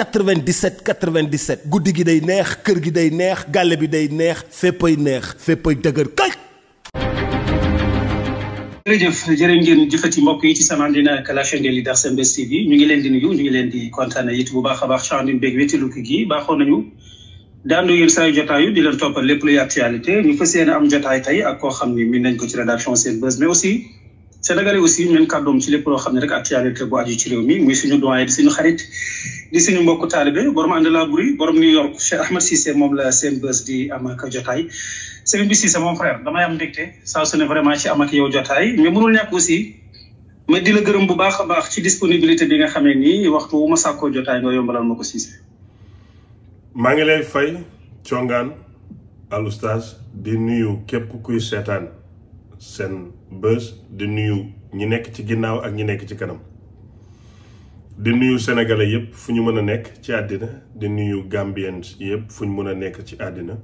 97 97 guddi gi day neex kër gi day neex gàlle bi day neex féppay neex ay dëgër kay. jërëjëf jërë ngeen jëfati mbokk yi ci seen àndina ak la chaîne des ñu ngi leen ñu ngi leen di kontaane it bu baax a baax chandin beeg wétaluki gi baaxoon nañu daandu yéen saa yu jotaayu di leen toppal lépp luy actualité ñu am jotaay tey ak koo xam ni min nañ ko ci rédaction Senbuzz mais aussi Sénégalais aussi ñun kàddoom ci lépp loo xam ne rek actualité bu aju ci réew mi muy suñu doyen di suñu xarit di suñu mbokku taalibe borom Andalaburi borom New York Cheikh Ahmed Cissé moom la seen bés di am ak jotaay sëriñ bi Cissé mon frère damay am ndégte saa su ne vraiment ci am ak yow jotaay mais mënul ñàkk aussi ma di la gërëm bu baax a baax ci disponibilité bi nga xamee nii waxtu wu ma sàkkoo jotaay nga yombalal ma ko Cissé. maa ngi lay fay congaan alustas di nuyu képp seen bés di nuyu ñi nekk ci ginnaaw ak ñi nekk ci kanam di nuyu sénégalais yëpp fu ñu mën a nekk ci àddina di nuyu gambiens yëpp fu ñu mën a nekk ci àddina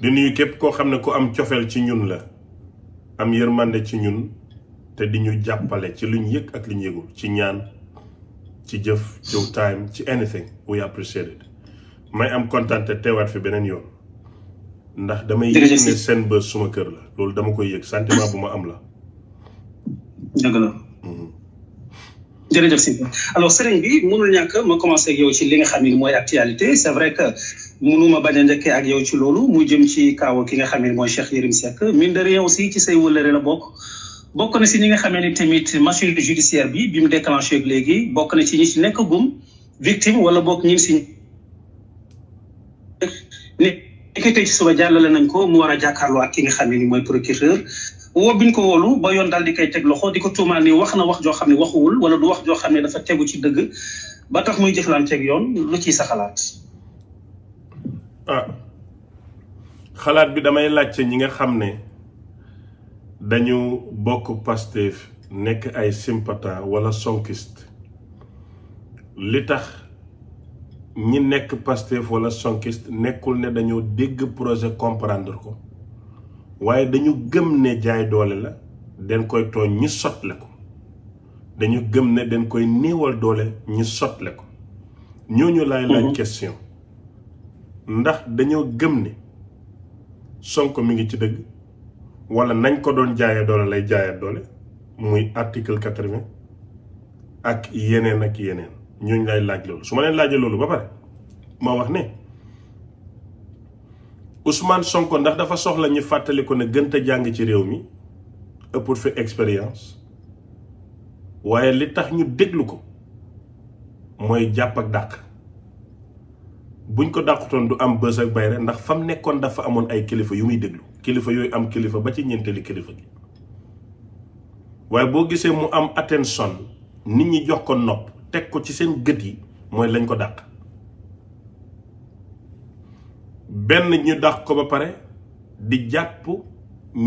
di nuyu képp koo xam ne ku am cofeel ci ñun la am yërmande ci ñun te di ñu jàppale ci lu ñu yëg ak lu ñu yëgul ci ñaan ci jëf ci time ci anything we appreciate it may am kontaan te teewaat fi beneen yoon ndax damay yëg ne seen bës suma kër la loolu dama koy yëg sentiment bu ma am la. dëgg la. Mhm. jërëjëf si alors sëriñ bi mënul ñàkk ma commencé ak yow ci li nga xam ne mooy actualité c' est vrai que mënuma bañ a njëkkee ak yow ci loolu mu jëm ci kaaw ki nga xam ne mooy Cheikh Yérim Seck mine de rien aussi ci say wëllëre la bokk. bokk na si ñi nga xamee ni tamit machine judiciaire bi bi mu déclenché ak léegi bokk na ci ñi si nekk gum victime wala bokk ñi si. ki tey ci suba jàllale nañ ko mu war a jàkkaarloo ak ki nga xam ne ni mooy procureur woo biñ ko woolu ba yoon daal di koy teg loxo di ko tuumaal ni wax na wax joo xam ne waxuwul wala du wax joo xam ne dafa tegu ci dëgg ba tax muy jëflanteeg yoon lu ciy sa xalaat. Ah, xalaat bi damay laajte ñi nga xam ne dañu bokk Pastef nekk ay sympathisant wala sonkiste li tax. ñi nekk Pastef wala sonkist nekkul ne dañoo dégg projet comprendre ko waaye dañu gëm ne jaay doole la den koy tooñ ñi sotle ko dañu gëm ne den koy néewal doole ñi sotle ko ñooñu laay laaj mhm. question ndax dañoo gëm ne Sonko mu ngi ci dëgg wala nañ ko doon jaayee doole lay jaayee doole muy article quatre-vingt ak yeneen ak yeneen ñooñu lay laaj loolu su ma leen laajee loolu ba pare ma wax ne Ousmane Sonko ndax dafa soxla ñu fàttali ko ne gënt jàng ci réew mi ëpp fi expérience waaye li tax ñu déglu ko mooy jàpp ak dàq buñ ko dàqutoon du am bës ak bayre ndax mu nekkoon dafa amoon ay kilifa yu muy déglu kilifa yooyu am kilifa ba ci ñeenteeli kilifa gi waaye boo gisee mu am attention nit ñi jox ko nopp teg ko ci seen gët yi mooy lañ ko dàq benn ñu dàq ko ba pare di jàpp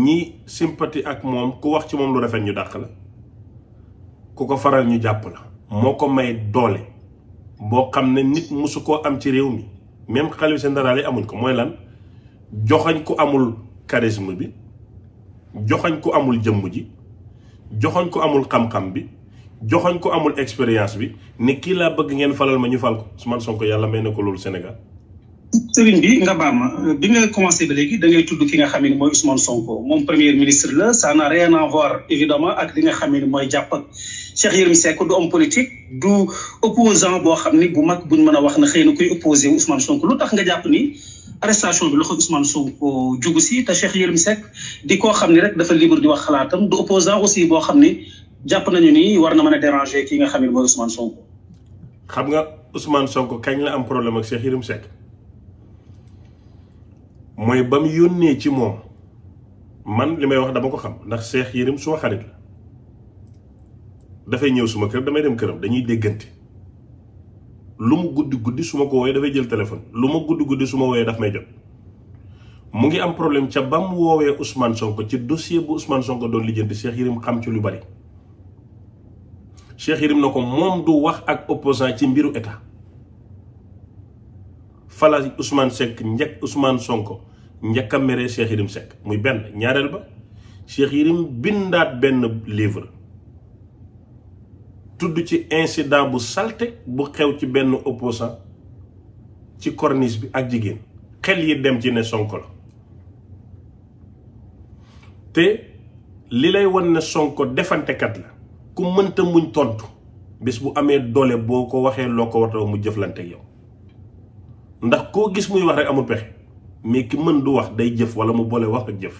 ñi simpati ak moom ku wax ci moom lu rafet ñu dàq la ku ko faral ñu jàpp la moo ko may doole boo xam ne nit mësu koo am ci réew mi même xalifa général yi amuñ ko mooy lan joxañ ku amul charisme bi joxañ ku amul jëmm ji joxañ ku amul xam-xam bi joxoñ ko amul expérience bi ni kii laa bëgg ngeen falal ma ñu fal ko Ousmane Sonko yàlla may na ko loolu Sénégal. sëriñ bi nga baal ma bi commencé ba léegi da ngay tudd ki nga xam ne mooy Ousmane Sonko moom premier ministre la ça n'a rien à voir évidemment ak li nga xam ne mooy jàpp ak Cheikh Yérim Seck du homme politique du opposant boo xam ni bu mag buñ mën a wax na xëy na kuy opposé Ousmane Sonko lu tax nga jàpp ni arrestation bi loxo Ousmane Sonko jugu si te Cheikh Yérim Seck di koo xam ne rek dafa libre di wax xalaatam du opposant aussi boo xam ni. jàpp nañu ni war na mën a déranger kii nga xam ne mooy Ousmane xam nga Ousmane Sonko kañ la am problème ak Cheikh Yérim Seck mooy ba mu yónnee ci moom man li may wax dama ko xam ndax seex Yérim suma xarit la dafay ñëw suma kër damay dem këram dañuy déggante lu mu guddi guddi su ma ko woowee dafay jël téléphone lu ma guddi guddi su ma daf may jot mu ngi am problème ca ba mu woowee Ousmane Sonko ci dossier bu Ousmane Sonko doon lijjanti Cheikh Yérim xam ci lu bari. Cheikh Yérim na ko moom du wax ak opposant ci mbiru état fala Ousmane Seck njëkk Ousmane Sonko njëkk a mere Cheikh Yérim muy benn ñaareel ba Cheikh Yérim bindaat benn livre tudd ci incident bu salte bu xew ci benn opposant ci corniche bi ak jigéen xel yi dem ci ne Sonko la te li lay won ne Sonko defantekat la ku mënta muñ tontu bis bu amee doole boo ko waxee loo ko warta mu jëflante yow ndax koo gis muy wax rek amul pexe mais ki mën du wax day jëf wala mu boole wax ak jëf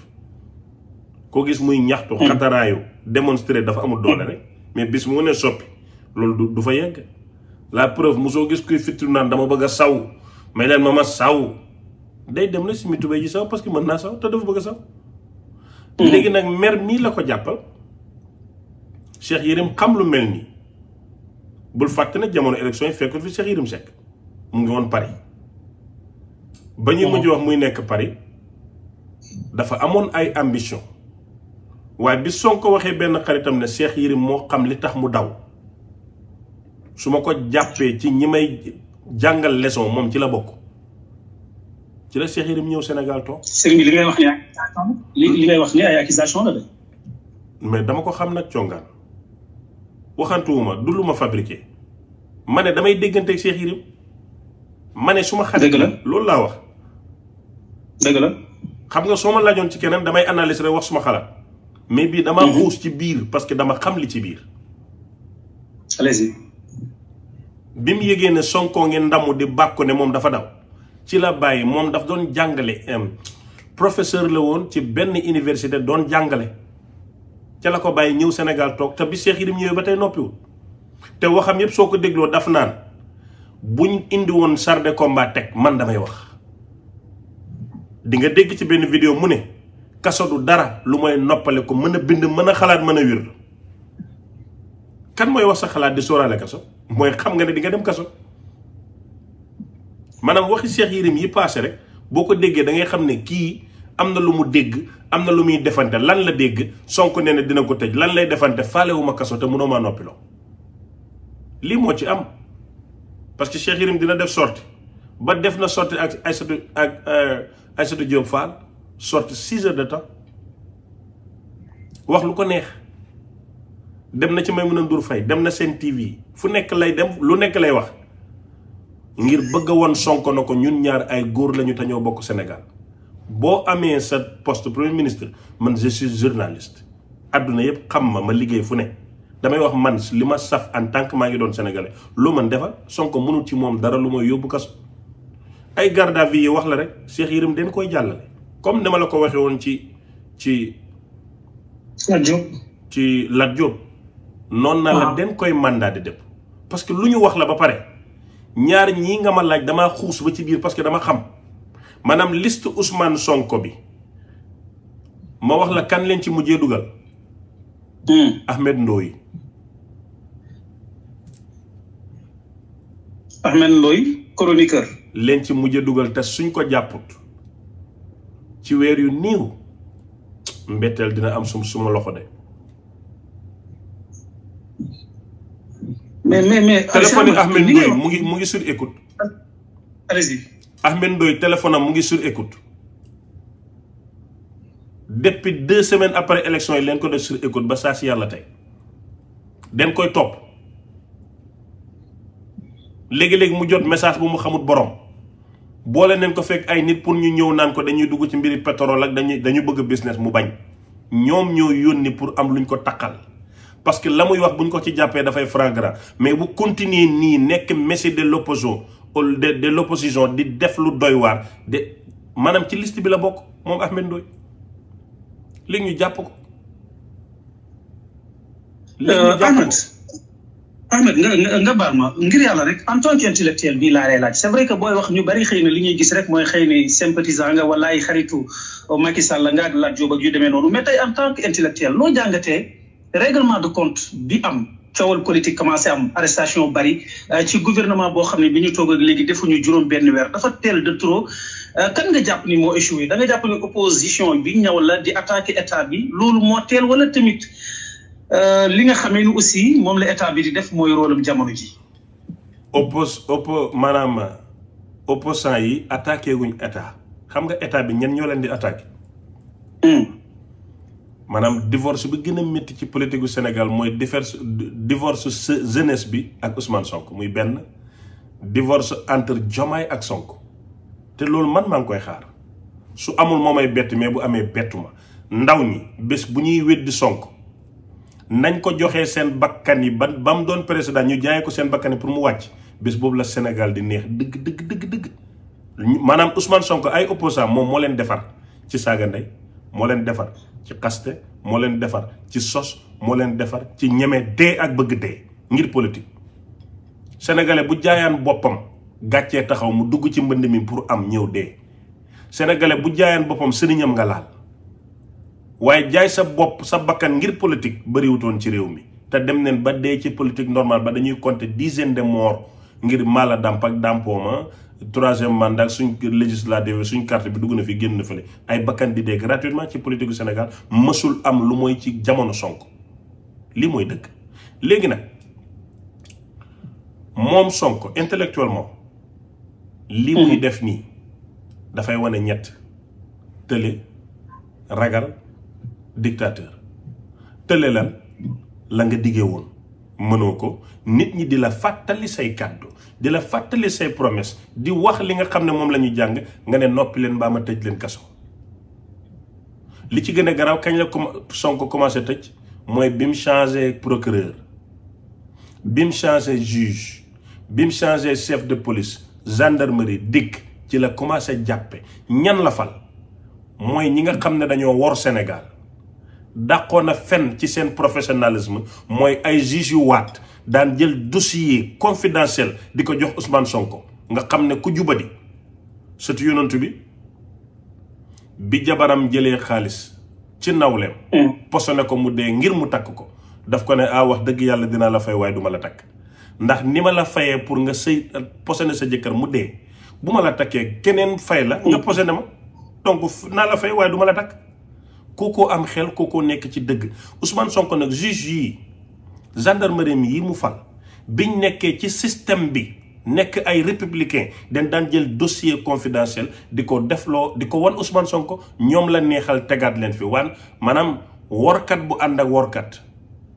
koo gis muy ñaxtu hmm. xataraayu démontrer dafa amul doole rek mais bis mu ne soppi loolu du fa yegg la preuve soo gis kuy fittu naan dama bëgg saw may leen ma ma saw day dem na si mi tubéy ji saw parce que mën naa saw te dafa bëgg a saw hmm. léegi nag mer mii la ko jàppal Cheikh Yérim xam lu mel nii bul fàtte ne jamono élection yi fekkul fi Cheikh Yérim Seck mu ngi woon Paris. ba ñu mujj wax muy nekk Paris dafa amoon ay ambition waaye bi soo ko waxee benn xaritam ne Cheikh Yérim moo xam li tax mu daw su ma ko jàppee ci ñi may jàngal leçon moom ci la bokk ci la Cheikh Yérim ñëw senegal toog. sëriñ li ngay wax li ngay wax ni ay accusation mais dama ko xam na congaan waxantuwuma du lu ma fabriqué ma ne damay déggante ak Cheikh Yérim ma ne suma ma xarit loolu laa wax dëgg la xam nga soo ma laajoon ci keneen damay analyse rek wax suma xalaat mais bii dama mhm. xuus ci biir parce que dama xam li ci biir allez bi mu yëgee ne Sonko ngeen ndamu di bàkku ne moom dafa daw ci la bàyyi moom daf doon jàngale professeur la woon ci benn université doon jàngale ca la ko bàyyi ñëw senegal toog te bi Cheikh Yérim ñëwee ba tey noppiwul te waxam yépp soo ko dégloo daf naan buñ indi woon char de combat teg man damay wax di nga dégg ci benn vidéo mu ne kaso du dara lu mooy noppale ko mën a bind mën a xalaat mën a wir kan mooy wax sa xalaat di sóoraale kaso mooy xam nga ne di nga dem kaso maanaam waxi Cheikh Yérim yi paase rek boo ko déggee da ngay xam ne kii am na lu mu dégg am na lu muy defante lan la dégg Sonko nee na dina ko tëj lan lay defante faalewuma kaso te mënoo maa noppiloo lii moo ci am parce que Cheikh Yérim dina def sorti ba def na sorti ak Aïssatou ak euh, Aïssatou Diop Fall sorti six heures de temps wax lu ko neex dem na ci Maïmouna Ndour Faye dem na seen TV fu nekk lay dem lu nekk lay wax ngir bëgg woon sonk na ko ñun ñaar ay góor lañu te ñoo bokk Sénégal boo amee sa poste premier ministre man je suis journaliste àdduna yëpp xam ma ma liggéey fu ne damay wax man li ma saf en tant que maa ngi doon sénégalais loo man defal Sonko mënul ci moom dara lu may yóbbu kaso ay garde à yi wax la rek Cheikh Yérim dañ koy jàllale comme dama la ko waxee woon ci ci Lat Diop ci Lat Diop noonu na la ah. den koy mandat de dépôt parce que lu ñu wax la ba pare ñaar ñii nga ma laaj damaa xuus ba ci biir parce que dama xam maanaam list Ousmane Sonko bi ma wax la kan leen ci mujjee dugal. Hmm. Ahmed Ndoye. Ahmed Ndoye chroniqueur. leen ci mujjee dugal te suñ ko jàpput ci weer yu néew mbetteel dina am sum suma loxo de. mais mais mais téléphone Ahmed Ndoye mu ngi mu ngi sur écoute. Ahmed Ndoye téléphone am mu ngi sur écoute depuis deux semaines après élection yi leen ko def sur écoute ba saa si yàlla tey den koy topp léegi-léegi mu jot message bu mu xamut borom boole neen ko fekk ay nit pour ñu ñëw naan ko dañuy dugg ci mbiri pétrole ak dañuy dañu bëgg business mu bañ ñoom ñoo yónni pour am lu luñ ko taqal parce que la muy wax bu ñu ko ci jàppee dafay flagrant mais bu continuer nii nekk messi de l'opposition de de l' opposition di def lu doy waar de maanaam ci liste bi la bokk moom Ahmed Ndoye léegi ñu jàpp ko. léegi ñu euh, jàpp ko Ahmed nga nga baal ma ngir yàlla rek en tant qu'intellectuel bii laa lay laaj c'est vrai que booy wax ñu bari xëy na li ñuy gis rek mooy xëy na sympathisant nga wala ay xaritu Macky Sall la nga ak Lat Diop ak yu demee noonu mais tey en tant que qu'intellectuel noo jàngatee règlement de compte bi am. coowal politique commencé am arrestation bari euh, ci gouvernement boo xam ne bi ñu toog ak léegi defuñu juróom benn weer dafa teel de trop euh, kan nga jàpp ni moo échoué da nga jàpp ni bi ñëw la di attaqué état bi loolu moo teel wala tamit euh, li nga xamee ni aussi moom la état bi di def mooy rôlam jamono ji oppos oppo maanaam opposant yi attaqué wuñ état xam nga état bi ñen ñoo leen di attaqué hmm. maanaam divorce bi gën a métti ci politique gu Sénégal mooy divorce divorce jeunesse bi ak Ousmane sonk muy benn divorce entre jomaay ak sonk te loolu man maa ngi koy xaar su amul moom may bett mais bu amee bettuma ndaw ñi bés bu ñuy weddi Sonko nañ ko joxee seen bakkan yi ba ba mu doon président ñu jaayee ko seen bakkan yi pour mu wàcc bés boobu la Sénégal di neex dëgg dëgg dëgg dëgg maanaam Ousmane sonk ay opposant moom moo leen defar ci saaga ndey moo leen defar ci xaste moo leen defar ci sos moo leen defar ci ñeme dee ak bëgg dee ngir politique sénégalais bu jaayaan boppam gàccee taxaw mu dugg ci mbënd mi pour am ñëw dee senegale bu jaayaan boppam sëriñam nga laal waaye jaay sa bopp sa bakkan ngir politique bëriwutoon ci réew mi te dem neen ba dee ci politique normale ba dañuy compter dizaine de morts ngir mala dàmp ak dàmpooma troisième mandat suñ législative suñ carte bi dugg na fi génn fële ay bakkan di dee gratuitement ci politique gu Sénégal mësul am lu mooy ci jamono sonk lii mooy dëkk léegi nag moom sonk intellectuellement li muy hmm. def nii dafay wane ñett tële ragal dictateur tële lan la nga diggee woon mënoo ko nit ñi di la fàttali say kàddu di la fàttali say promesse di wax li nga xam ne moom la ñu jàng nga ne noppi leen mbaa ma tëj leen kaso li ci gën a garaaw kañ la sonk commencé tëj mooy bi mu changé procureur bi mu changé juge bi mu changé chef de police gendarmerie dikk ci la commencé jàppe ñan la fal mooy ñi nga xam ne dañoo wor Sénégal dàqoon na fenn ci seen professionnalisme mooy ay juge yu waat daan jël dossier confidentiel di ko jox Ousmane Sonko nga xam ne ku jubadi sëtu yonent bi bi jabaram jëlee xaalis ci nawleem mm. posone ko mu dee ngir mu takk ko daf ko ne ah wax dëgg yàlla dinaa la fay waaye duma la takk ndax ni ma la fayee pour nga sëy posone sa jëkkër mu dee bu ma la takkee keneen fay la nga mm. ne ma donc naa la fay waaye duma la takk kookoo am xel koo kookoo nekk ci dëgg Ousmane Sonko nag juge yii gendarmerie mi yi mu fan biñ nekkee ci système bi nekk ay républicain dañ daan jël dossier confidentiel di ko defloo di ko wan Ousmane Sonko ñoom la neexal tegaat leen fi waan maanaam workat bu ànd ak workat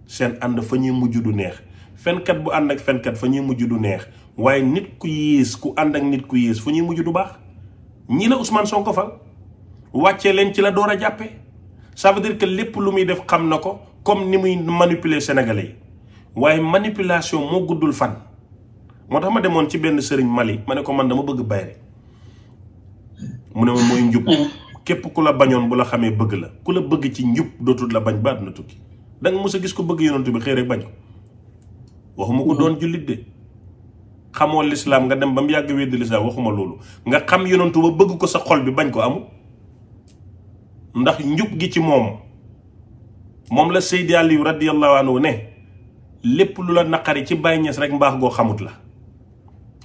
seen ànd fa ñuy mujj du neex fenkat bu ànd ak fenkat fa ñuy mujj du neex waaye nit ku yées ku ànd ak nit ku yées fu ñuy mujj du baax ñii la Ousmane ko fal wàccee leen ci la door a jàppee ça veut que lépp lu muy def xam na ko comme ni muy manipuler sénégalais waaye manipulation moo guddul fan moo tax ma demoon ci benn sëriñ Mali ma ne ko man dama bëgg bayre mu ne ma mooy njub mm. képp ku la bañoon bu la xamee bëgg la ku la bëgg ci njub dootul la bañ ba na tukki da nga a gis ko bëgg yonent bi xëy bañ ko waxuma ko mm. doon jullit de xamoo lislaam nga dem ba mu yàgg weddi lislaam waxuma loolu nga xam yonentu ba bëgg ko sa xol bi bañ ko amul ndax njub gi ci moom moom la Seydi Aliou radiyallahu anhu ne lépp lu la naqari ci Baye Niass rek mbaax goo xamut la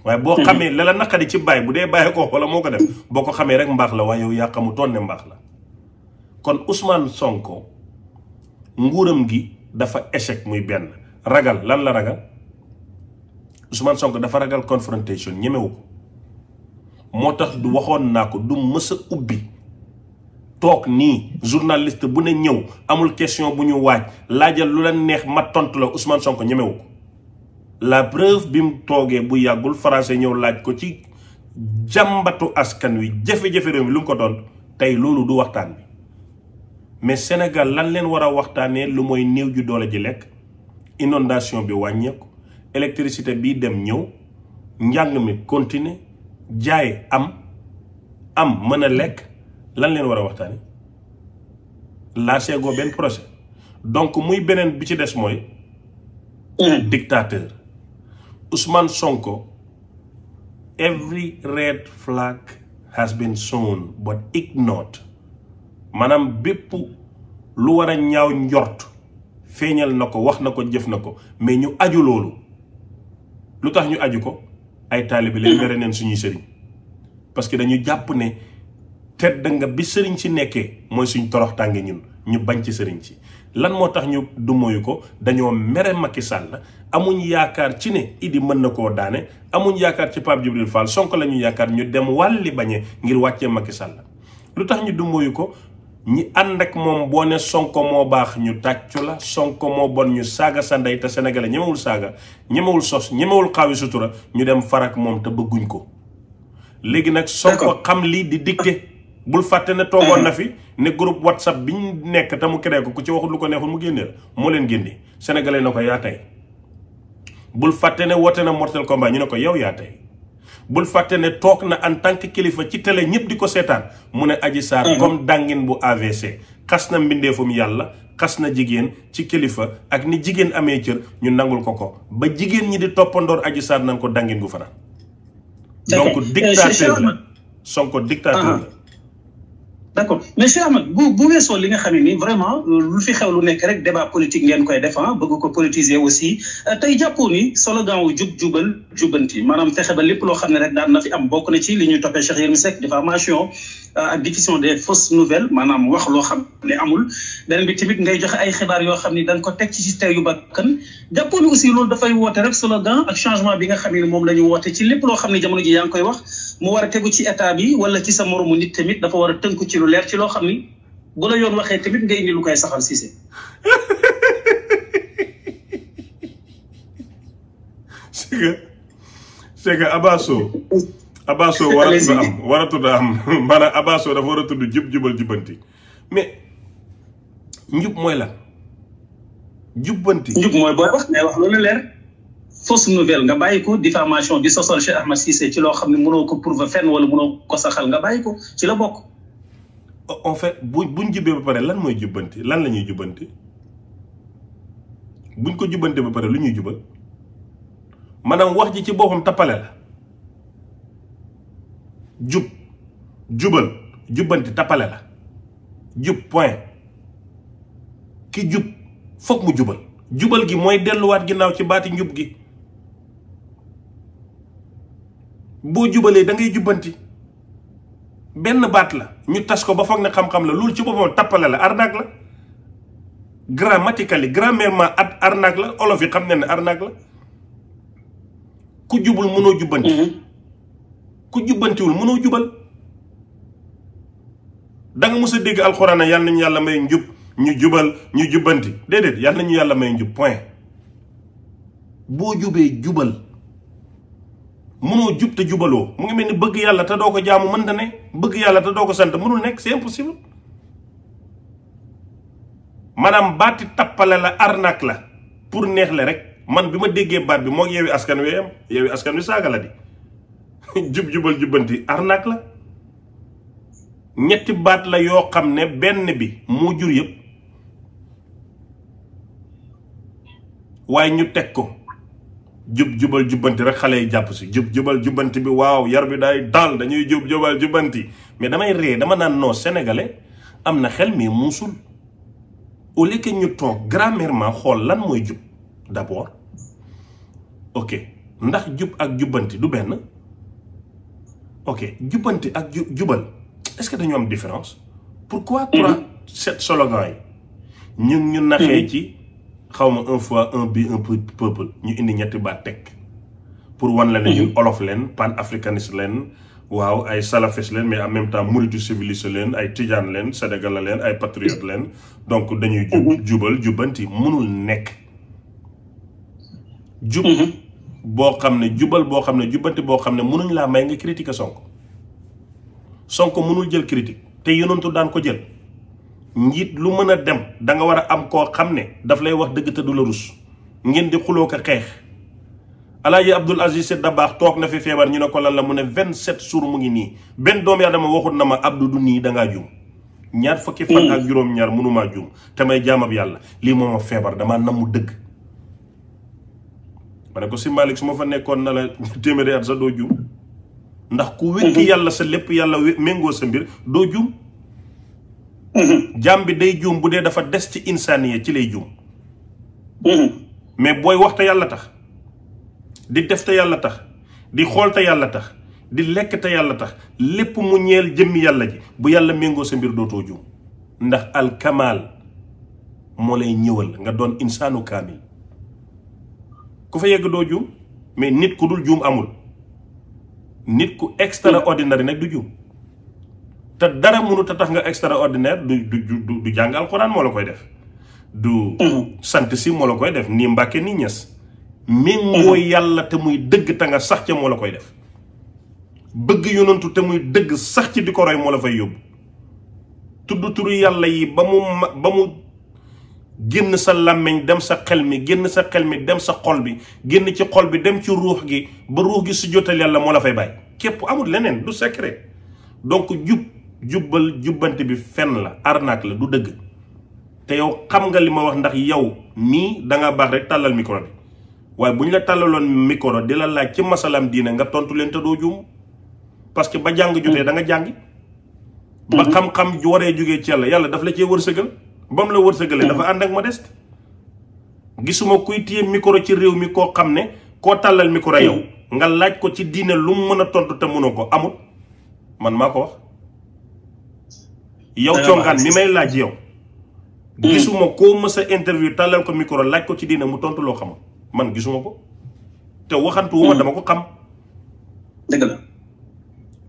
waaye boo mhm. xamee la la naqari ci Baye bu dee Baye ko wala moo ko def boo ko xamee rek mbaax la waaye yow yaa xamutoon ne mbaax la kon Ousmane Sonko nguuram gi dafa échec muy benn ragal lan la ragal Ousmane Sonko dafa ragal confrontation ñemewu ko moo tax du waxoon naa ko du mës ubbi toog nii journaliste bu ne ñëw amul question bu ñu waaj laajal lu la neex ma tontu la Ousmane Sonko ñemewu ko la preuve bi mu toogee bu yàggul français ñëw laaj ko ci jàmbatu askan wi jafe-jafe réew mi lu mu ko doon tey loolu du waxtaan bi mais Sénégal lan leen war a waxtaanee lu mooy néew ju doole ji lekk inondation bi wàññeeku électricité bi dem ñëw njàng mi continuer jaay am am mën a lekk lan leen war a waxtaani lâché goo benn projet donc muy beneen bi ci des mooy dictateur Ousmane Sonko every red flag has been sown but ignored maanaam bépp lu war a ñaaw njort feeñal na ko wax na ko jëf na ko mais ñu aju loolu lu tax ñu aju ko ay taalibe leen mere neen suñuy sëriñ parce que dañu jàpp ne tedd nga bi sëriñ si nekkee mooy suñ torox tànge ñun ñu bañ ci sëriñ si lan moo tax ñu du moyu ko dañoo mere Macky Sall amuñ yaakaar ci ne Idi mën na koo daane amuñ yaakaar ci Pape Djibril Fall sonk la ñu yaakaar ñu dem wàlli bañe ngir wàccee Macky Sall lu tax ñu du ko ñi ànd ak moom boo ne Sonko moo baax ñu tàccu la sonk moo bon ñu saaga sa ndey te sénégalais ñemewul saaga ñemewul sos ñemewul xaawi sutura ñu dem farak moom te bëgguñ ko léegi bul fàtte ne toogoon na fi ne groupe whatsapp bi ñu nekk tamu mu ko ku ci waxul lu ko neexul mu génne la moo leen génne sénégalais na ko yaa tey bul fàtte ne woote na mortel combat ñu ne ko yow yaa bul fàtte toog na en tant que kilifa ci télé ñëpp di ko seetaan mu ne Adji Sarr mhm. comme dàngin bu AVC xas na mbindeefum yàlla xas na jigéen ci kilifa ak ni jigéen amee cër ñu nangul ko ko ba jigéen ñi di toppandoor Adji Sarr nan ko dàngin bu fanaan donc euh, dictateur la Sonko dictateur ah. d' accord mais Cheikh Ahmed bu bu weesoo li nga xam ne nii vraiment lu fi xew lu nekk rek débat politique ngeen koy def ah, bëgg ko politiser aussi euh, tey jàppoo ni solo slogan wu jub jubal jubanti maanaam fexe ba lépp loo xam ne rek daan na fi am bokk na ci li ñuy toppee Cheikh Yérim Seck diffamation Euh, ak diffusion des fausses nouvelles maanaam wax loo xam ne amul beneen bi tamit ngay joxe ay xibaar yoo xam ni da ko teg ci système yu ba kan jàppoon ni aussi loolu dafay woote rek solo slogan ak changement bi nga xam ne moom la woote ci lépp loo xam ne jamono ji yaa ngi koy wax mu war a tegu ci état bi wala ci sa moromu nit tamit dafa war a tënku ci lu leer ci loo xam ni bu la yoon waxee tamit ngay indi lu koy saxal Cissé c'est que c'est que Abasso Abasso waratu da am waratu da am maanaam Abasso dafa war jub jubal jubbanti mais njub mooy la jubanti njub mooy booy wax mais wax loolu leer fausse nouvelle nga bàyyi ko diffamation di sosal Cheikh Ahmed Cissé ci loo xam ne mënoo ko prouver fenn wala mënoo ko saxal nga bàyyi ci la bokk. en bu buñ ba pare lan mooy jubbanti lan la ñuy jubbanti buñ ko jubbante ba pare lu ñuy jubal maanaam wax ji ci boppam tappale la. jub jubal jubbanti tappale la jub point ki jub foog mu jubal jubal gi mooy delluwaat ginnaaw ci baati njub gi boo jubalee dangay ngay jubbanti benn baat la ñu tas ko ba foog ne xam-xam la loolu ci boppam tappale la arnaque la grammatically grammairement at arnaque la olof yi xam ne ni arnaque la ku jubul mënoo jubbanti mm-hmm. ku jubbantiwul mënoo jubal da nga mës a dégg alxuraan yal nañu yàlla may njub ñu jubal ñu jubbanti déedéet na ñu yàlla may njub point boo jubee jubal mënoo jub te jubaloo mu ngi mel ni bëgg yàlla te doo ko jaamu mënta ne bëgg yàlla te doo ko sant mënul nekk c'est impossible maanaam baati tappale la arnaque la pour neex le rek man bi ma déggee baat bi moo yeewi askan wi yam yeewi askan wi saaga jub jubal jubbanti arnaque la ñetti baat la yoo xam ne benn bi mu jur yëpp waaye ñu teg ko jub jubal jubanti rek xale yi jàpp si jub jubal jubanti bi waaw yar bi day daal dañuy jub jubal jubbanti mais damay ree dama naan non sénégalais am na xel mais muusul au lieu que ñu toog grammairement xool lan mooy jub d'abord ok ndax jub ak jubanti du benn ok jubbanti ak ju jubal est-ce que dañu am différence. pourquoi mm-hmm. trois sept slogans yi. ñu ñu naxee mm-hmm. ci xaw ma un fois un bi un peuple ñu indi ñetti baat teg. pour wan la ne ñun mm-hmm. olof leen pan panafricaniste leen waaw ay salafiste leen mais en même temps mouridu civiliste leen ay tijaan leen sénégalais leen ay patriote leen donc dañuy. jubal jubbanti mënul nekk. jub. boo xam ne jubal boo xam ne jubbanti boo xam ne mënuñ laa may nga critiquer Sonko Sonko mënul jël critique te yonentu daan ko jël njiit lu mën a dem danga war a am koo xam ne daf lay wax dëgg te la rus ngeen di xuloo ko xeex alaaji Abdul Aziz Sy Dabakh toog na fi feebar ñu ne ko lan la mu ne vingt-sept jours mu ngi nii benn doomu Aadama waxut na ma Abdou du nii danga juum ñaar fukki fan ak juróom-ñaar mënumaa juum te may jaamab yàlla lii mooma feebar damaa namu dëgg ma ne ko si Malick su ma fa nekkoon na la téeméeri at sax doo juum ndax ku wékki mhm. yàlla sa lépp yàlla méngoo sa mbir doo juum mhm. jaam bi day juum bu dee dafa des ci insaaniya ci lay juum mhm. mais booy wax te yàlla tax di def te yàlla tax di xool te yàlla tax di lekk yàlla tax lépp mu ñeel jëmmi yàlla ji bu yàlla méngoo sa mbir dootoo juum ndax alkamaal moo lay ñëwal nga doon insaanu kaamil ku fa yegg doo juum mais nit ku dul juum amul nit ku extraordinaire nag du juum te dara mënut tax nga extraordinaire du du du du jàng alxuraan moo la koy def. du mhm. sant si moo la koy def nii Mbàkke nii ñes méngoo mhm. yàlla te muy dëgg te sax ca moo la koy def bëgg yonantu te muy dëgg sax ci di ko roy moo la fay yóbbu tudd turu yàlla yi ba mu ma ba mu génn sa làmmiñ dem sa xel mi génn sa xel mi dem sa xol bi génn ci xol bi dem ci ruux gi ba ruux gi su jotal yàlla moo la fay bàyyi képp amul leneen du secret donc jub jubal jubbante bi fenn la arnaque la du dëgg te yow xam nga li ma wax ndax yow nii danga baax tàllal micro bi waaye bu ñu la tàllaloon micro di la laaj ci masalam diine nga tontu leen te doo juum parce que ba jàng jotee da nga jàngi ba mm-hmm. xam-xam waree jógee ci yàlla yàlla daf la cee wërsëgal ba mu la wërsëgalee dafa ànd ak modeste gisuma kuy téye micro ci réew mi koo xam ne koo tàllal micro yow nga laaj ko ci diina lu mu mën a tontu te mënoo ko amul man maa ko wax yow congaan mi may laaj yow hmm. gisuma koo mës a interview tàllal ko micro laaj ko ci diina mu tontu loo xamul man gisuma ko te waxantu wu hmm. dama ko xam dëgg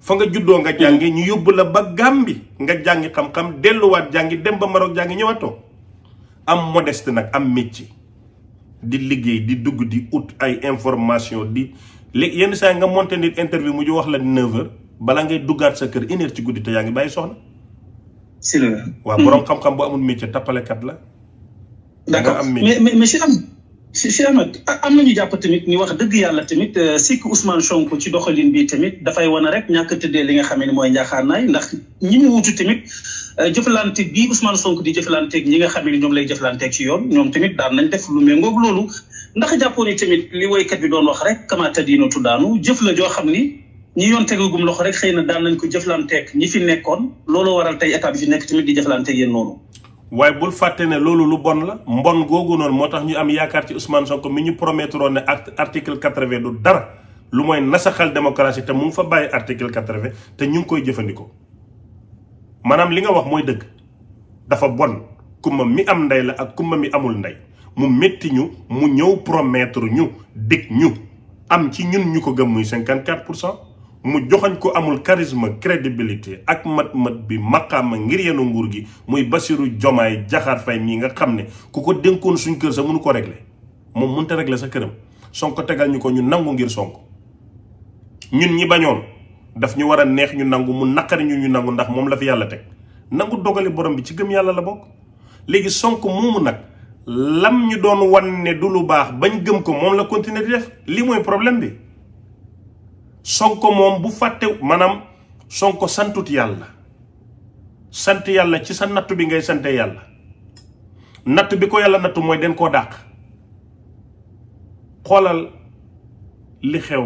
fa nga juddoo nga jàngi ñu yóbbu la ba Gàmbi nga jàngi xam-xam delluwaat jàngi dem ba Maroc jàngi ñëwaatoo am modest nag am métier di liggéey di dugg di ut ay information di léegi yenn saa nga monté nit interview mu ju wax la 9h ngay duggaat sa kër une heure ci guddi te yaa ngi bàyyi soxna. si la waaw borom xam-xam bu amul métier tappalekat la. d'accord mais mais am. si si Amath am nañu jàpp tamit ni wax dëgg yàlla tamit euh, sikk Ousmane sonk ci doxalin bi tamit dafay wane rek ñàkk a tëddee li nga xam ne mooy njaaxaanaay ndax ñi mu wutu tamit euh, jëflante bi Ousmane Sonko di jëflanteeg ñi nga xam ne ñoom lay jëflanteeg ci yoon ñoom tamit daan nañ def lu méngoog loolu ndax jàppoo ni tamit li woykat bi doon wax rek kamaata diinu daanu jëf la joo xam ni ñi yoon tegagum loxo rek xëy na daal nañ ko jëflanteek ñi fi nekkoon loolu waral tey état bi fi nekk tamit di jëflanteeg yéen noonu waaye bul fàtte ne loolu lu bon la mbon googu noonu moo tax ñu am yaakaar ci Ousmane Sonko mi ñu promettroon ne article quatre-vingt du dara lu mooy nasaxal démocratie te mu ngi fa bàyyi article quatre te ñu ngi koy jëfandikoo maanaam li nga wax mooy dëgg dafa bon kumba mi am ndey la ak kumba mi amul ndey mu métti ñu mu ñëw promettre ñu dig ñu am ci ñun ñu ko gëm muy cinquante-quatre pour cent mu joxañ ko amul charisme crédibilité ak mat-mat bi maqaama ngir yenu nguur gi muy Bassirou Diomaye Diakhar Faye mii nga xam ne ku ko dénkoon suñ kër sa mënu ko régler moom mënut a régler sa këram Sonko tegal ñu ko ñu nangu ngir Sonko ñun ñi bañoon daf ñu war a neex ñu nangu mu naqari ñu ñu nangu ndax moom la fi yàlla teg nangu dogali borom bi ci gëm yàlla la bokk léegi Sonko moomu nag lam ñu doon wan ne du lu baax bañ gëm ko moom la continuer def lii mooy problème bi sonko moom bu fàtte maanaam sonko santut yàlla sant yàlla ci sa nattu bi ngay sante yàlla natt bi ko yàlla nattu mooy den koo dàq xoolal li xew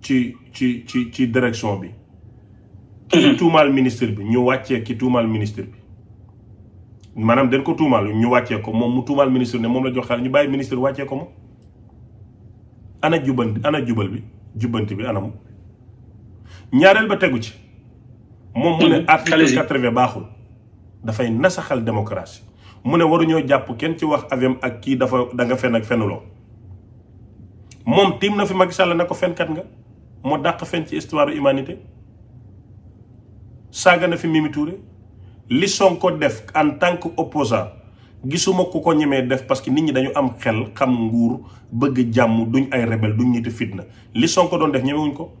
ci ci ci ci direction bi ki mhm. tuumaal ministre bi ñu wàccee ki tuumaal ministre bi maanaam den ko tuumaal ñu wàccee ko moom mu tuumaal ministre ne moom la jox xaalis ñu bàyyi ministre wàccee ko moom ana jubal ana jubal bi jubbanti bi anam ñaareel ba tegu ci moom mu ne article quatre-vingt baaxul dafay nasaxal démocratie mu ne waruñoo jàpp kenn ci wax avem ak kii dafa da nga fen ak fenuloo moom tiim na fi Macky Sall ne ko fenkat nga moo dàq fen ci histoire humanité saaga na fi Mimi Touré li Sonko def en tant que opposant gisuma ku ko ñemee def parce que nit ñi dañu am xel xam nguur bëgg jàmm duñ ay rebel duñ ñiti fitna li sonk doon def ñemewuñ ko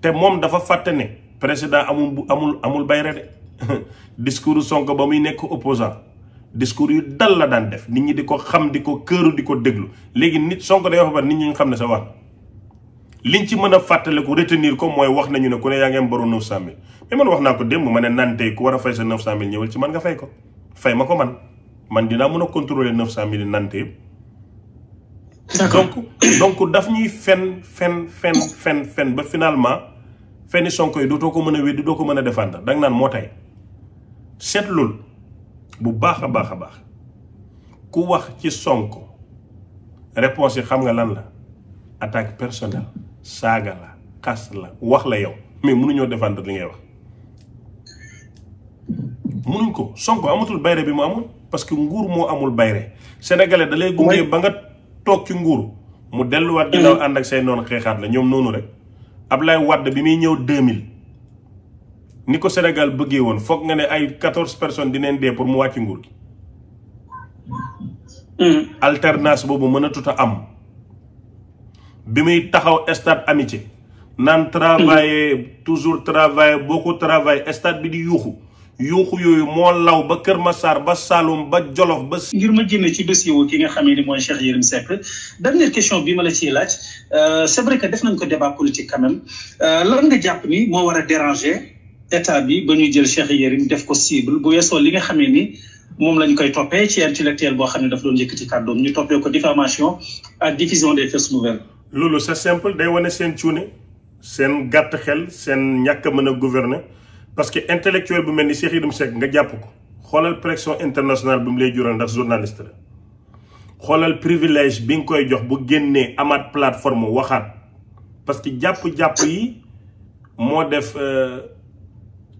te moom dafa fàtte ne président amul bu amul amul bayre de discours Sonko ba muy nekk opposant discours yu dal la daan def nit ñi di ko xam di ko këru di ko déglu léegi nit Sonko day wax ba nit ñi nga xam ne sa wax liñ ci mën a fàttaliku retenir ko mooy wax nañu ne ku ne yaa ngi am borom 900000 mais man wax naa ko démb ma ku war a fay sa 900000 ci man nga fay ko fay ma ko man. man dinaa mën a contrôler neuf cent mille nante yëpp. donc donc daf ñuy fen fen fen fen fen ba finalement fenni Sonko yi dootoo ko mën a weddi doo ko mën a défendre danga naan moo tey seetlul bu baax a baax a baax ku wax ci sonk réponse yi xam nga lan la attaque personnelle saaga la xas la wax la yow mais mënuñoo défendre li ngay wax mënuñ ko sonk amatul bayre bi mu amoon parce que nguur moo amul bayre sénégalais da lay gunge ba nga toog ci nguur mu delluwaat ginnaaw mm-hmm. ànd ak say noonu xeexaat la ñoom noonu rek Ablaye wadd bi muy ñëw 2000 ni ko Sénégal bëggee woon foog nga ne ay quatorze personnes dinañ dee pour mu wàcc nguur gi mm-hmm. alternance boobu mënatut a am bi muy taxaw stade amitié naan travailler mm-hmm. toujours travailler beaucoup travailler stade bi di yuuxu yuuxu yooyu moo law ba Kër Massar ba Saloum ba Jolof ba. ngir ma jëmee ci bés yow ki nga xamee ni mooy Cheikh Yérim Seck dernière question bi ma la ciy laaj euh, c'est vrai que def nañ ko débat politique quand même euh, lan nga jàpp ni moo war a déranger état bi ba ñu jël Cheikh Yérim def ko cible bu weesoo li nga xamee ni. moom lañ koy toppee ci intellectuel boo xam ne dafa doon yëkkati kàddoom ñu toppee ko diffamation ak diffusion des fausses nouvelles. loolu c'est simple day wane seen cuune seen gàtt xel seen ñàkk a mën a gouverner parce que intellectuel bu mel ni Cheikh Yérim Seck nga jàpp ko xoolal pression internationale bi mu lay jural ndax journaliste la xoolal bi nga koy jox bu génnee amaat plateforme waxaat parce que jàpp-jàpp yi moo def euh,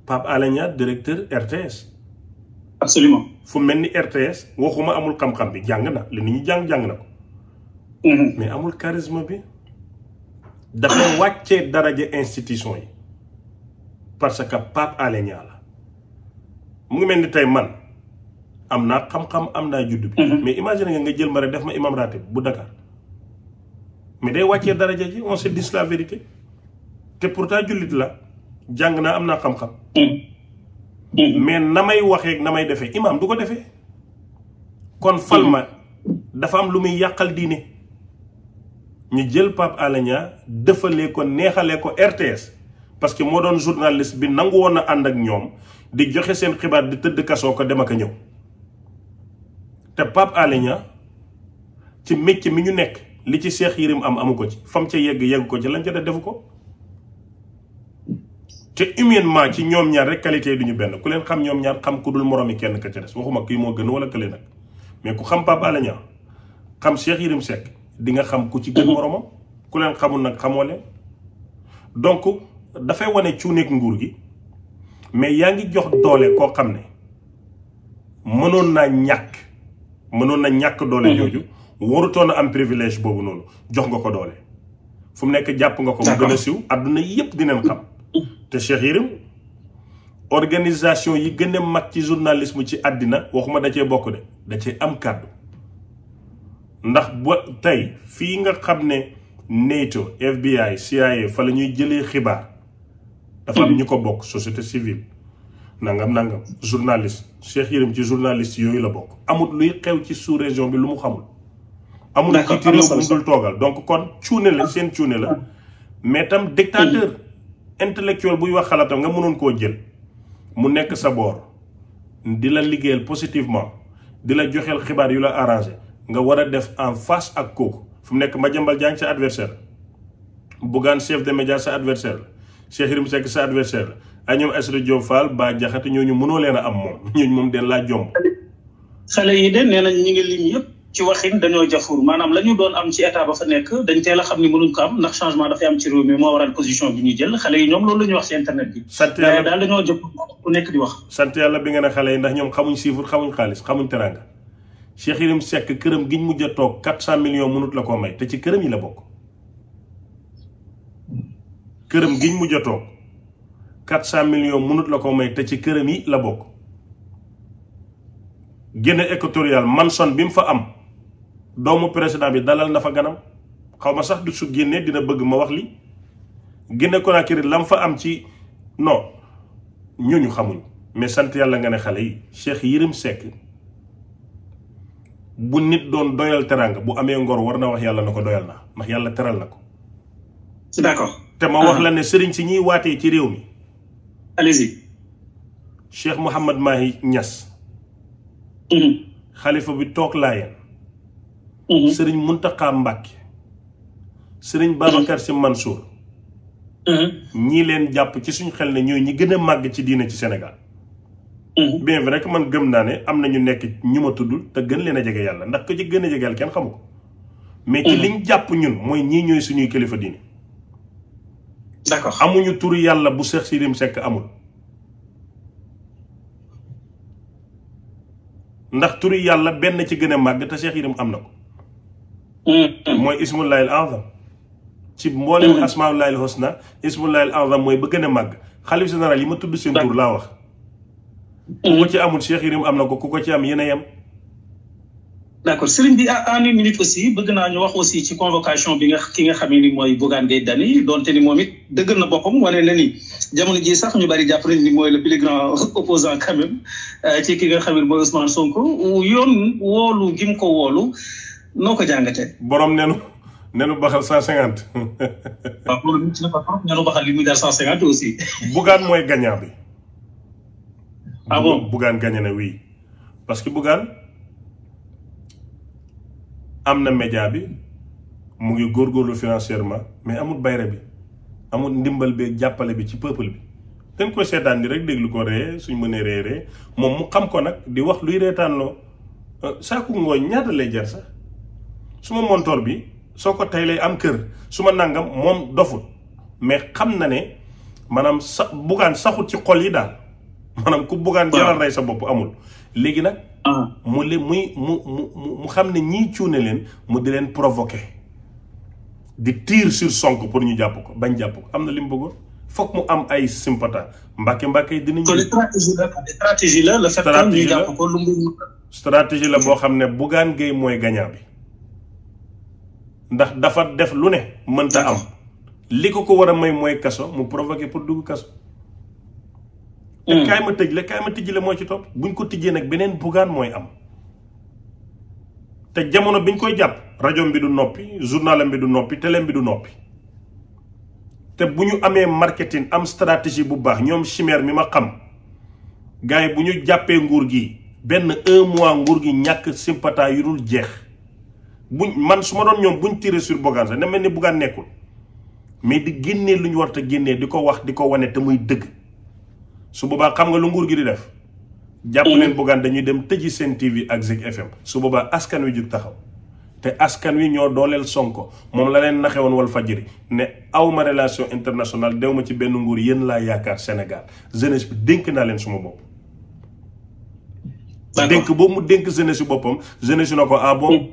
Pape Alé Niang directeur RTS. absolument fu mel ni RTS waxuma amul xam-xam bi jàng na li nit ñi jàng-jàng na ko. Mm-hmm. mais amul charisme bi. dafa wàccee daraja institution yi. parce que Pape Alé la mu ngi mel ni tey man am naa xam-xam am naa judd bi. Mhm. mais imagine nga jël ma rek def ma imam ratib bu Dakar mais day wàccee daraja ji on se dit te pourta jullit la jàng naa am naa xam-xam. Mhm. Mhm. mais na may waxee na may defee imam du ko defee. kon falma dafa am lu muy yàqal diine ñu jël Pape Alé Niang dëfalee ko neexalee ko RTS. parce que moo doon journaliste bi nangu woon a ànd ak ñoom di joxe seen xibaar di tëdd kasoo ko dem ak a ñëw te Pape Alé ci métier mi ñu nekk li ci Cheikh Yérim am amu ko ci fam ci yegg yegg ko ci lañ ca def defu ko te humainement ci ñoom ñaar rek qualité du ñu benn ku leen xam ñoom ñaar xam ku dul moroomi kenn ka ca des waxuma kii moo gën wala kële nag mais ku xam Pape Alé xam Cheikh Yérim Seck di nga xam ku ci gën moromam ku leen xamul nag xamoo leen dafay wane cuuneeg nguur gi mais yaa ngi jox doole koo xam ne mënoon naa ñàkk mënoon na ñàkk doole mhm. jooju warutoon a am privilège boobu noonu jox nga ko doole fu mu nekk jàpp nga ko mu gën a siw àdduna yépp dinañ xam mhm. te Cheikh Yérim organisation yi gën a mag ci journalisme ci àddina waxuma da cee bokk de da cee am kàddu ndax ba tey fii nga xam ne NATO FBI CIA fa la ñuy jëlee xibaar dafa am ñu ko bokk société civile nangam nangam journaliste Cheikh Yérim ci journaliste yooyu la bokk. amul luy xew ci sous région bi lu mu xamul. amul jiite réew bu toogal donc kon cuune la seen cuune la. mais tam dictateur. intellectuel buy wax xalaatam nga mënoon koo jël. mu nekk sa boor. di la liggéeyal positivement. di la joxeel xibaar yu la arrangé. nga war a def en face ak kooku. fu mu nekk Madiambal Diagne sa adversaire Bougane chef de média sa adversaire Cheikh Yérim Seck sa adversaire la ay ñoom Aïssata Diop Fall Bah ñooñu mënoo leen a am moom ñooñu moom den laa jomb xale yi de nee nañ ñi ngi lim yëpp ci waxin dañoo jafur maanaam la ñu doon am ci état ba fa nekk dañ teel a xam ni mënuñ ko am ndax changement dafay am ci réew mi moo waral position bi ñu jël xale yi ñoom loolu la ñuy wax ci internet bi sant yàlla wax sant yàlla bi nga a xale yi ndax ñoom xamuñ chiffre xamuñ xaalis xamuñ teranga Cheikh Yérim Seck këram giñ mujj a toog 400 millions mënut la koo may te ci këram yi la bokk këram giñ mujj a toog quatre cent million mënut la ko may te ci këram yi la bokk Guinée équatoriale Manson bi mu fa am doomu président bi dalal na fa ganam xaw ma sax du su génnee dina bëgg ma wax li Guinée Conakry la mu fa am ci non ñooñu xamuñ mais sant yàlla nga ne xale yi Cheikh Yérim Seck bu nit doon doyal teraanga bu amee ngor war na wax yàlla na ko doyal na ndax yàlla teral na ko. te ma wax ah. la ne sëriñ si ñuy waatee ci réew mi. allez-y. Cheikh Mouhamad Mahi Niass. Mm-hmm. xalifa bi toog laayeen. Mm-hmm. sëriñ Mountakha Mbacké. sëriñ mm-hmm. Babacar Sy Mansour. ñii leen jàpp ci suñ xel ne ñooy ñi gën a màgg ci diina ci Sénégal. bien vrai que man gëm naa ne am na ñu nekk ñu ma tuddul te gën leen a jege yàlla ndax ko ci gën a jege yàlla kenn xamu ko. mais ci liñ jàpp ñun mooy ñii ñooy suñuy kilifa diine. d'accord amuñu turu yàlla bu Cheikh Sirim sekk amul ndax turu yàlla benn ci gën a màgg te Cheikh Sirim am na ko mm-hmm. mooy ismullahil azam ci mboolem mm-hmm. asmaullahil husna ismullahil azam mooy ba gën a màgg xalif général yi ma tudd seen tur laa wax mm-hmm. ku ko ci amul Cheikh Sirim am na ko ku ko ci am yéen a yem d' accord Serigne bi en une minute aussi bëgg naa ñu wax aussi ci convocation bi nga ki nga xam ni mooy Bougane Gueye Dany donte ni moom it dëggal na boppam wane na ni jamono ji sax ñu bari jàpp nañ ni mooy le plus grand opposant quand même euh, ci ki nga xam ne mooy Ousmane Sonko yoon woolu gi mu ko woolu noo ko jàngatee. borom nenu nenu baxal 150. waaw loolu ci la ko trop nenu aussi. Bougane mooy gagnant bi. ah bon Bougane parce que Bougane. am na média bi mu ngi góor góorlu financièrement mais amul bayre bi amul ndimbal bi jàppale bi ci peuple bi dañ koy seetaan di rek déglu ko ree suñ mënee ree ree moom mu xam ko nag di wax luy reetaanloo euh, saaku ngooñ ñaata lay jar sax su ma montoor bi soo ko tey lay am kër su ma nàngam moom doful mais xam na ne maanaam sa bugaan saxut ci xol yi daal maanaam ku bugaan jaral rey sa bopp amul léegi nag. Ah. mu le muy mu mu mu xam ne ñii cuune leen mu di leen provoqué di tiir sur Sonko pour ñu jàpp ko bañ jàpp ko am na li mu bëggoon foog mu am ay sympathisants mbàkke mbàkke yi dinañ. kon stratégie la stratégie la la fekk la boo xam ne Bougane Gueye mooy gañaar bi ndax dafa def lu ne. mënta am li ko ko war a may mooy kaso mu provoqué pour dugg kaso. te mm. kaay ma tëj la kaay ma tijji la moo ci topp buñ ko tijjee nag beneen bugaan mooy am te jamono biñ koy jàpp rajo mbi du noppi journalam bi du noppi télé bi du noppi te bu ñu amee marketing am stratégie bu baax ñoom chimère mi ma xam gars yi bu ñu jàppee nguur gi benn un mois nguur gi ñàkk sympata yu dul jeex bu man su ma doon ñoom buñ tiré sur Bougane sax na mel ni Bougane nekkul mais di génnee lu ñu war te génnee di ko wax di ko wane te muy dëgg su boobaa xam nga lu nguur gi di def. jàpp leen mm. dañuy dem tëji seen TV ak Zik FM su boobaa askan wi jug taxaw. te askan wi ñoo dooleel Sonko moom la leen naxewoon wal fajiri ne awma relation internationale dew ma ci benn nguur yéen laa yaakaar Sénégal jeunesse bi dénk naa leen suma bopp. dénk boobu mu dénk jeunesse yu boppam jeunesse na ko ah bon mm.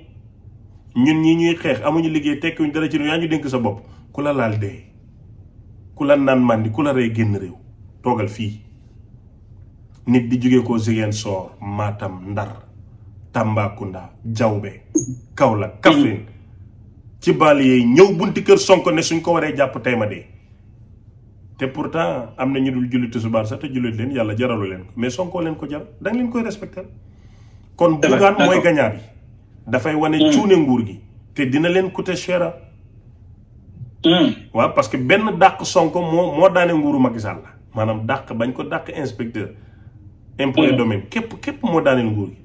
ñun ñi ñuy xeex amuñu liggéey tekkiwuñ dara ci yaa ñu dénk sa bopp ku la laal dee ku la naan màndi ku la rey génn réew toogal fii. nit di jóge ko Ziguinchor maatam Ndar Tambacounda Diaobé Kaolack Kaffrine ci yee ñëw bunti kër sonk ne suñ ko waree jàpp tey ma dee te pourtant am na ñu dul julli tisbaar sax te jullit leen yàlla jaralu leen ko mais Sonko leen ko jar da nga leen koy respecté kon Bougane mooy gagnant bi dafay wane hmm. cuune nguur gi te dina leen coûter cher hmm. waaw parce que benn dàq sonk moo moo daane nguuru Macky la maanaam dàq bañ ko dàq inspecteur impôt et mm-hmm. domaine képp képp moo daaneel nguur gi.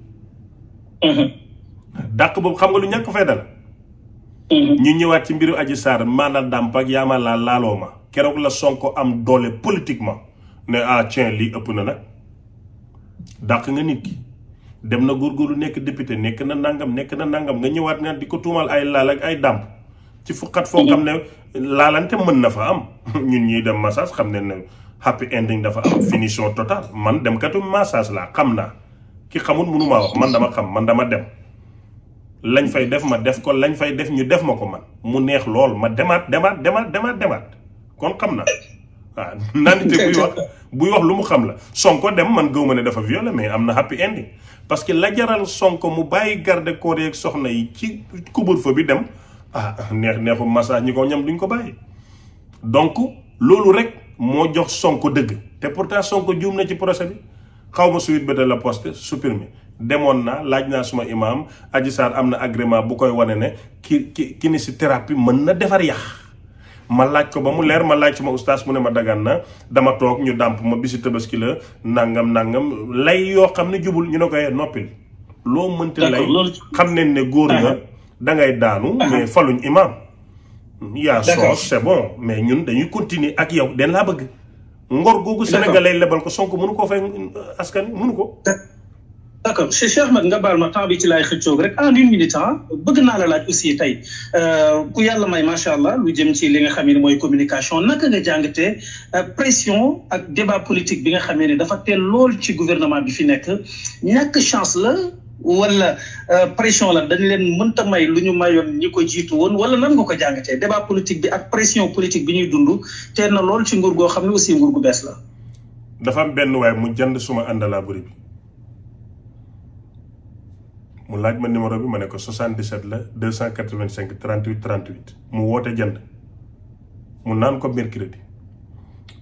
Mm-hmm. dàq boobu xam nga lu ñàkk fay dal mm-hmm. ñu ñëwaat ci mbiru Adji Sarr maanaam dàmp ak ma laa laaloo ma keroog la Sonko am doole politiquement ne ah tiens lii ëpp na nag daq nga nit ki dem na góor góorgóorlu nekk député nekk na nangam nekk na nangam nga ñëwaat nga di ko tuumal ay laal ak ay dàmp ci fukkat foo mhm. xam ne laalante mën na fa am ñun ñuy dem massage xam ne ne happy ending dafa am finition total man dem katu massage laa xam naa ki xamul mënumaa wax man dama xam man dama dem lañ fay def ma def ko lañ fay def ñu def ma ko man mu neex lool ma demaat demaat demaat demaat demaat kon xam na waaw naanite lu mu xam la sonko dem man gëw ma ne dafa violé mais am na happy ending parce que la jaral sonko mu bàyyi garde corps soxna yi ci couvre-feu bi dem ah neex neexu massage ñi ko ñam duñ ko bàyyi donc loolu rek moo jox Sonko dëgg te pourtant Sonko juum na ci procès bi xaw ma suite bata la poste supprimé demoon naa laaj naa suma imaam Adji Sarr am na agrément bu koy wane ne ki ki kinésithérapie mën na defar yax ma laaj ko ba mu leer ma laaj suma ustaas mu ne ma dagan na dama toog ñu dàmp ma bisi tabaski la nangam nangam lay yoo xam ne jubul ñu ne koy eh, noppil loo mënti lay xam ne ne góor nga ah. da ngay daanu. mais faluñ imam. yaa soos c'est bon mais ñun dañuy continuer ak yow den laa bëgg. ngor googu Sénégalais lebal ko sonk mënu koo fay askan mënu ko. d' accord Cheikh Ahmed nga baal ma temps bi ci laay xëccoog rek en une bëgg naa la laaj aussi tey euh, ku yàlla may macha allah lu jëm ci li nga xam ne mooy communication naka nga jàngatee euh, pression ak débat politique bi nga xam ne dafa teel lool ci gouvernement bi fi nekk ñàkk chance la. wala euh, pression la dañ leen mënta may lu ñu mayoon ñi ko jiitu woon wala nan ko ko jàngatee débat politique bi ak pression politique bi ñuy dund teel na loolu ci nguur goo xam ne aussi nguur gu bees la. dafa am benn waaye mu jënd suma àndalaa buri bi mu laaj ma numéro bi ma ne ko 77 la 285 38 38 mu woote jënd mu naan ko mercredi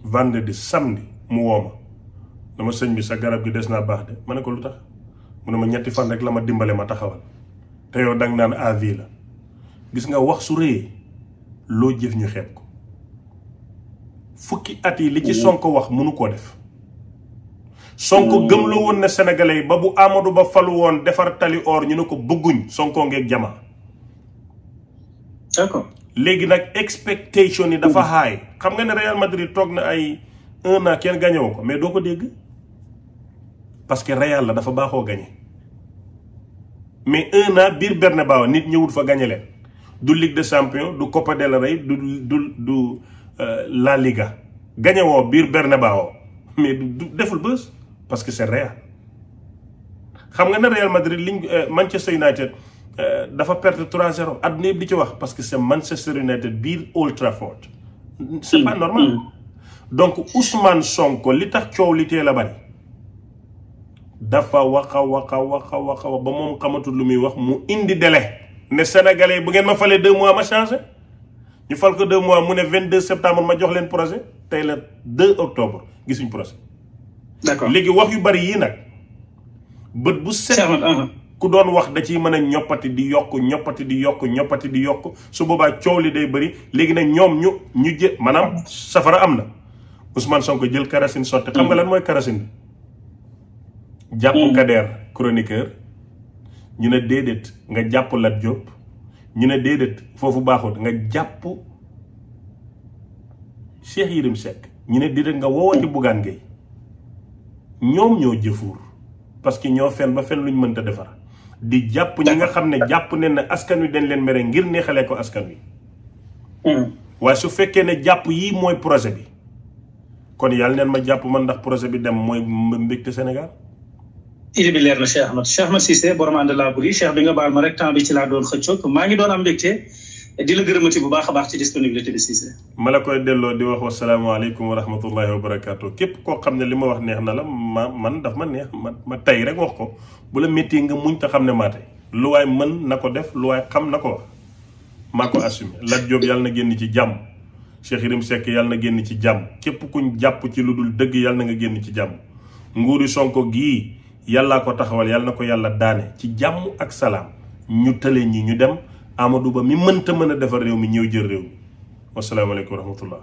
vendredi samedi mu woo ma dama sëñ bi sa garab gi des naa baax de ma ne ko lu tax. mu ne ma ñetti fan rek la ma dimbale ma taxawal te yow dang naan avis la gis nga wax su rëyee loo jëf ñu xeeb ko fukki at yi li ci Sonko wax mënu koo def Sonko gëmloo woon na sénégalais yi ba bu Amadou Ba falu woon defar tali or ñu ne ko bëgguñ sonkoo ngeeg jamaa d'accord léegi nag expectation yi dafa xaay xam nga ne Real Madrid toog na ay un an kenn gañewu ko mais doo ko dégg parce que Real la dafa baaxoo gagné mais un an biir Bernabéu nit ñëwul fa gagné leen du Ligue de champion du Copa del Rey du du du euh, La Liga gagné woo biir Bernabéu mais du deful bës parce que c'est Real xam nga ne Real Madrid liñ euh, Manchester United euh, dafa perte 3-0 àdduna yëpp di ci wax parce que c'est Manchester United biir Old Trafford. c'est pas normal donc Ousmane Sonko li tax coow li teel a bari. dafa waxa waxa waxa waxa ba moom xamatul lu muy wax mu indi délai ne sénégalais bu ngeen ma falee deux mois ma changé ñu fal ko deux mois mu ne vingt deux septembre ma jox leen projet tey la deux octobre gisuñ projet. d'accord léegi wax yu bari yii nag. bët bu set. Uh-huh. ku doon wax da ciy mën a ñoppati di yokk ñoppati di yokk ñoppati di yokk su boobaa coow li day bëri léegi nag ñoom ñu ñu jë maanaam safara am na Ousmane Sonko jël karasine sotti. xam nga mm. lan mooy karasine bi. jàpp Kader chroniqueur ñu ne déedéet nga jàpp Lat Diop ñu ne déedéet foofu baaxut nga jàpp Cheikh Yérim Seck ñu ne déedéet nga woo woowati Bougane Gueye ñoom ñoo jëfuur parce que ñoo fen ba fen luñ mënta defar di jàpp ñi nga xam ne jàpp ne na askan wi dañ leen mere ngir neexalee ko askan wi hmm. waaye su fekkee ne jàpp yi mooy projet bi kon yàlla neen ma jàpp man ndax projet bi dem mooy mbégte Sénégal idi bi leer na Cheikh Ahmed Cheikh Ahmed Cissé borom ànd laa bëgg Cheikh bi nga baal ma rek temps bi ci laa doon xëccoog maa ngi doon am mbégte di la gërëmati bu baax a baax ci disponibilité bi Cissé ma la koy delloo di wax wasalaamaaleykum wa rahmatullahi wa barakaatu képp koo xam ne li ma wax neex na la ma man daf ma neex ma ma tey rek wax ko bu la métti nga muñ te xam ne maa tey lu waay mën na ko def lu waay xam na ko wax maa ko assumé Lat Diop yàlla na génn ci jàmm Cheikh Yérim Seck yàlla na génn ci jàmm képp kuñ jàpp ci lu dul dëgg yàlla na nga génn ci jàmm yàllaa ko taxawal yàlla na ko yàlla daane ci jàmm ak salaam ñu tële ñi ñu dem amadu Ba mi mënta mën a defar réew mi ñëw jël réew mi wasalaamaaleykum wa